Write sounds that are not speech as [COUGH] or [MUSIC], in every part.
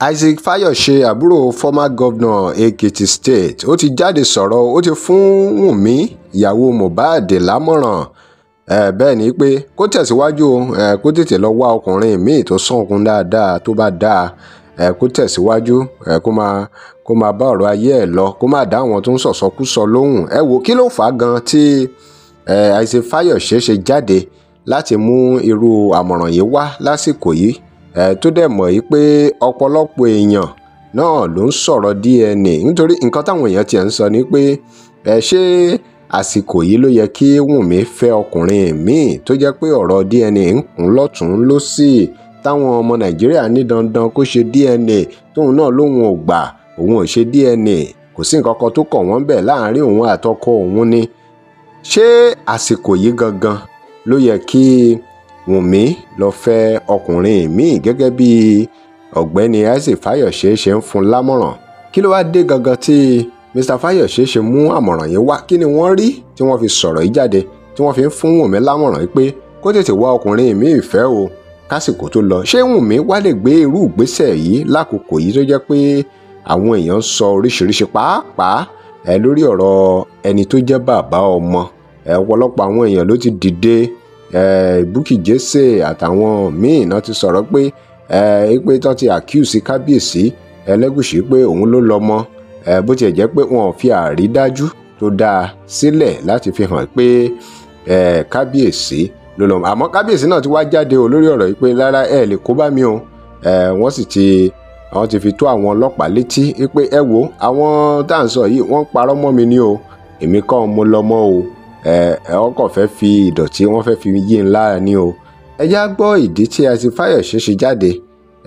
isaac fayose àbúrò former governor ekiti state ó ti jáde sọ̀rọ̀ ó ti fún wùnmí ìyàwó mohbad lámọ̀ràn bẹ́ẹ̀ ni pé kó tẹ̀síwájú kó tètè lọ wá ọkùnrin míì tó sàn okun dáadáa tó bá dáa kó tẹ̀síwájú kó máa kó máa bá ọ̀rọ̀ ayé ẹ̀ lọ kó máa dá àwọn tó ń sọ̀sọ́kúsọ lóhùn ẹ wò kí ló fà á gan tí isaac fayose ṣe jáde láti mú irú àmọ̀ràn yìí wá lásìkò yìí ẹ tó dẹ̀ mọ̀ yìí pé ọ̀pọ̀lọpọ̀ èèyàn náà ló ń sọ̀rọ̀ DNA nítorí nǹkan táwọn èèyàn tiẹ̀ ń sọ ni pé ẹ ṣé àsìkò yìí ló yẹ kí Wùnmí fẹ́ ọkùnrin míì tó jẹ́ pé ọ̀rọ̀ DNA ń kún lọ́tún lọ́sì táwọn ọmọ Nàìjíríà ní dandan kó ṣe DNA tóun náà lóun ò gbà òun ò ṣe DNA kò sí nǹkan kan tó kọ̀ wọ́n bẹ̀ láàrin òun àtọkọ òun ni ṣé àsìkò yìí gangan ló yẹ kí wùnmí lọ́ọ́ fẹ́ ọkùnrin mi gẹ́gẹ́ bí ọ̀gbẹ́ni isaac fayọ̀ṣe ṣe ń fún lámọ̀ràn kí ló wá dé gangan tí mr fayọ̀ṣe ṣe mú àmọ̀ràn yẹn wá kí ni wọ́n rí tí wọ́n fi sọ̀rọ̀ yìí jáde tí wọ́n fi ń fún wùnmí lámọ̀ràn pé kó tètè wá ọkùnrin míì fẹ́ o kásìkò tó lọ ṣé wùnmí wá lè gbé irú ìgbésẹ̀ yìí lákòókò yìí tó jẹ́ pé àwọn èèyàn sọ oríṣiríṣi pàápàá ẹ lórí ọ̀rọ̀ ẹni tó jẹ́ bàbá ọmọ ẹ ọ̀pọ̀lọpọ̀ àwọn èèyàn ló ti dìde Bukky Jesse àtàwọn míì náà ti sọ̀rọ̀ pé pé tán ti accuse kábíyèsí Ẹlẹ́gùṣì pé òun ló lọ́mọ bó tiẹ̀ jẹ́ pé wọn ò fi àrídájú tó dáa sílẹ̀ láti fi hàn pé kábíyèsí ló lọ́mọ àmọ́ kábíyèsí náà ti wá jáde o lórí ọ̀rọ̀ yìí pé rárá ẹ̀ lè kó bá mi o wọ́n sì ti àwọn ti fi tó àwọn ọlọ́pàá létí pé ẹ wo àwọn tá à ń sọ yìí wọ́n parọ́ mọ́ mi ni o èmi kọ́ mo lọ́mọ o ẹ ẹ wọ́n kàn fẹ́ fi ìdọ̀tí wọ́n fẹ́ fi yí n lára ní o ẹ já gbọ́ ìdí tí ẹ ti Fáyọ̀ṣe ṣe jáde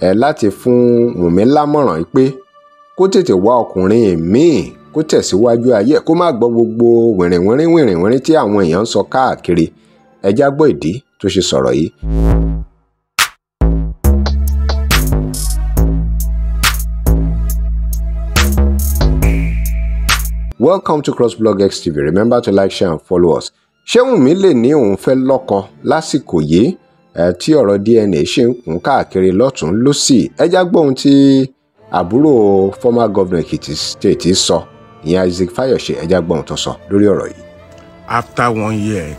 ẹ láti fún Wùnmí lámọ̀ràn pé kó tètè wá ọkùnrin míì kó tẹ̀síwájú ayé kó má gbọ́ gbogbo wìrìnwìrìn wìrìnwìrìn tí àwọn èèyàn ń sọ káàkiri ẹ já gbọ́ ìdí tó ṣe sọ̀rọ̀ yìí. welcome to crossblogX XTV. remember to like share and follow us ṣé Wùnmí lè ní òun fẹ́ lọ́kọ lásìkò yìí tí ọ̀rọ̀ DNA ṣe ń kún káàkiri lọ́tún lọ́sì ẹja gbóhun tí àbúrò former governor Ekiti state sọ ìyẹn Isaac Fayose ẹja gbóhun tó sọ lórí ọ̀rọ̀ yìí. after one year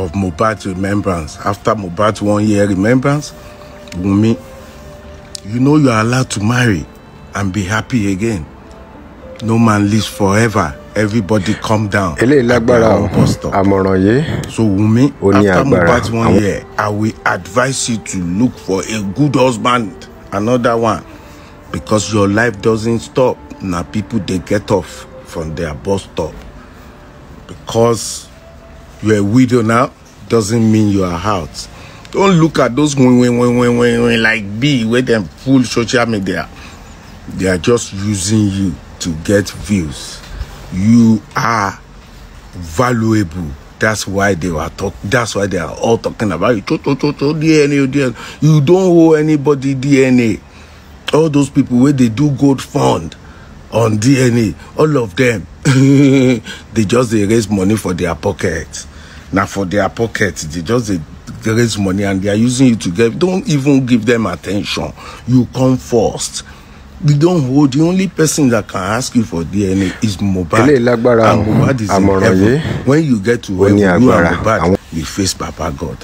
of Mohbad remembrance after Mohbad one year remembrance Wunmi you know you are allowed to marry and be happy again no man lives forever everybody calm down. eléyìí lágbára o àmọ̀ràn yìí. so Wunmi after Mohbad's one year i will advise you to look for a good husband another one because your life doesn't stop na people dey get off from their bus stop because you are widow now doesn't mean you are out don look at those win win win win win win like bee wey dem full social media they are just using you to get views you are valuable that's why they are talk that's why they are all talking about you to to to to dna oh, dna you don't owe anybody dna all those people where they do gold fund on dna all of them [LAUGHS] they just they raise money for their pocket Now for their pocket they just they raise money and they are using you to get don't even give them attention. you come first we don't hold the only person that can ask you for DNA is Mobad. eléyìí and Mohbad is in heaven when you get to heaven you are, Mobad, we face Baba God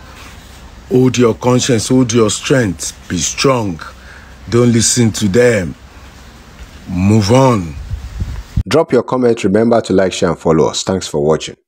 hold your conscience hold your strength be strong don't listen to them move on. Drop your comment. Remember to like, share, and follow us. Thanks for watching.